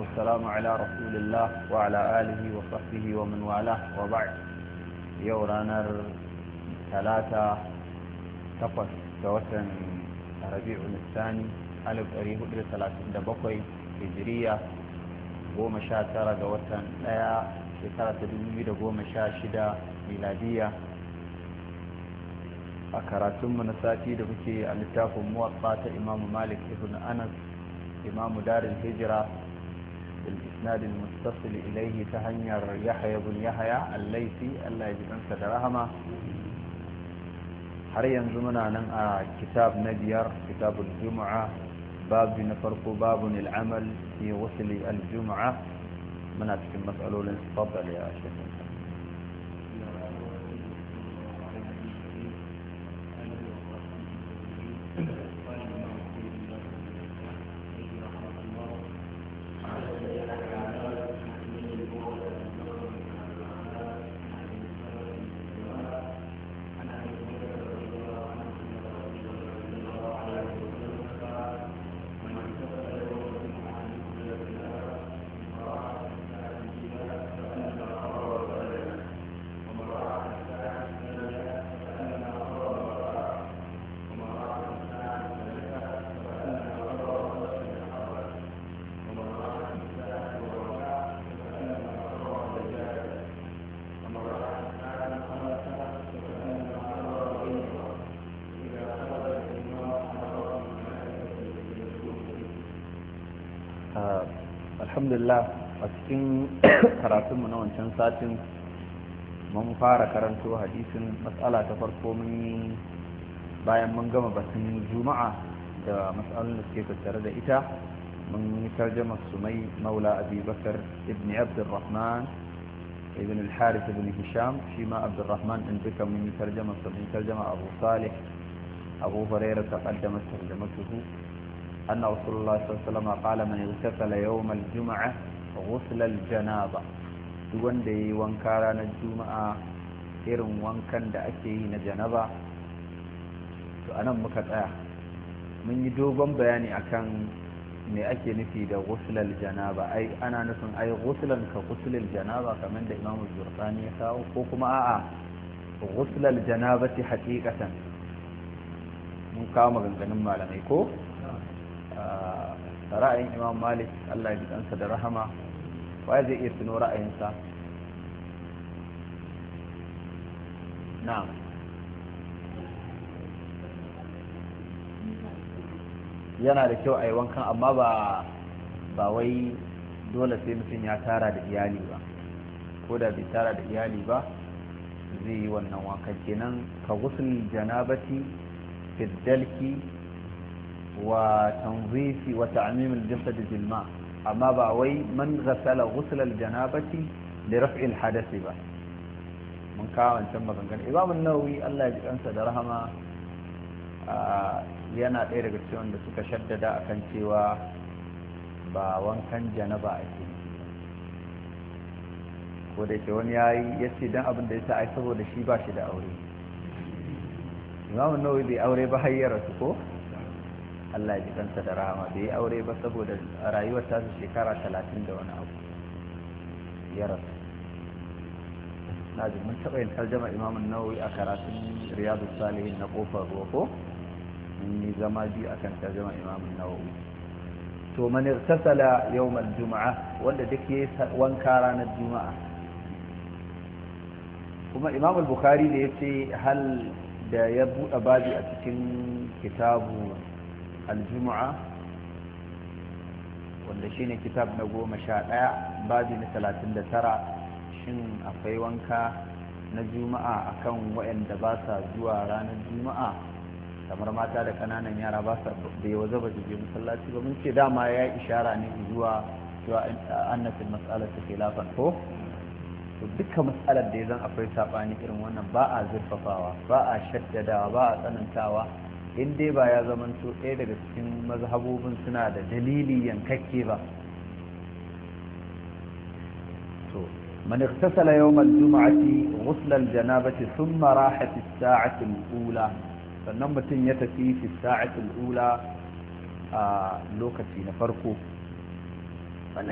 والسلام على رسول الله وعلى آله وصحبه ومن والاه وبعد yau ranar talata takwas ga watan rabi'u nisani 1437 hijiriya goma sha tara ga watan ɗaya shekara ta dubu da goma sha shida miladiya a karatunmu na sati da muke a littafin muwatsa imam malik ibn anas imamu darin hijira بالإسناد المتصل إليه تهنير يحيى بن يحيى الليثي الله يجب أن تدرهما حريا زمنا ننقى كتاب نبير كتاب الجمعة باب نفرق باب العمل في غسل الجمعة مناتك المسألة لنتفضل يا شيخ Ah, alhamdulillah a cikin karatunmu na wancan satin mun fara karanto hadisin matsala ta farko mun yi bayan mun gama batun juma'a da matsalolin da suke tattare da ita mun yi tarjama mai maula abi ibn abdurrahman ibn al-harith ibn hisham shi ma abdurrahman din duka mun yi tarjama su, mun tarjama abu salih abu hurairah tarjama tarjamatuhu أن رسول الله صلى الله عليه وسلم قال من اغتسل يوم الجمعة غسل الجنابة دون دي وانكارا الجمعة إرم وانكان دا أكيين جنابة فأنا مكتاة من يدوبا بياني أكان me ake nufi da ghuslal janaba ai ana nufin ai ghuslan ka ghuslal janaba kamar da imamu zurqani ya kawo ko kuma a'a ghuslal janabati haqiqatan mun kawo maganganun malamai ko ra'ayin imam malik allah ji ɗansa da rahama waye zai iya tuno ra'ayinsa Na. yana da kyau a yi wankan amma ba ba wai dole sai mutum ya tara da iyali ba ko da bai tara da iyali ba zai yi wannan wankan kenan ka gusul janabati fiddalki wa tanzifi wa ta'mim al-jasad bil ma amma ba wai man ghasala ghusl al-janabati li raf'i al-hadath ba mun kawo wancan maganganu imam nawawi Allah ya ji kansa da rahama yana ɗaya daga cikin wanda suka shaddada akan cewa ba wankan janaba ake ko da yake wani yayi yace dan abin da yasa ai saboda shi ba shi da aure imam an-nawawi bai aure ba hayyara su ko Allah ya ji kansa da rahama bai yi aure ba saboda rayuwar ta su shekara talatin da wani abu ya rasu na ji mun taɓa yin tarjama imamun nawawi a karatun riyadu salihin na kofar ruwa ko mun yi zama biyu akan tarjama imamun nawawi to man irtasala yawmal juma'a wanda duk yayi wanka ranar juma'a kuma imam al-bukhari da yace hal da ya buɗe babi a cikin kitabu aljumu'a wanda shi ne kitab na goma sha ɗaya babi na talatin da tara shin akwai wanka na juma'a akan waɗanda ba sa zuwa ranar juma'a kamar mata da kananan yara ba sa bai waje ba su je masallaci ba mun ce dama ya ishara ne zuwa zuwa annafin matsalar ta khilafan ko to duka matsalar da ya zan akwai saɓani irin wannan ba a zurfafawa ba a shaddadawa ba a tsanantawa in dai ba ya zamanto ɗaya daga cikin mazhabobin suna da dalili yankakke ba to man yawm al-jum'ati ghusl al janabati thumma rahat fi sa'ati al ula sannan mutum ya tafi fi sa'ati al ula a lokaci na farko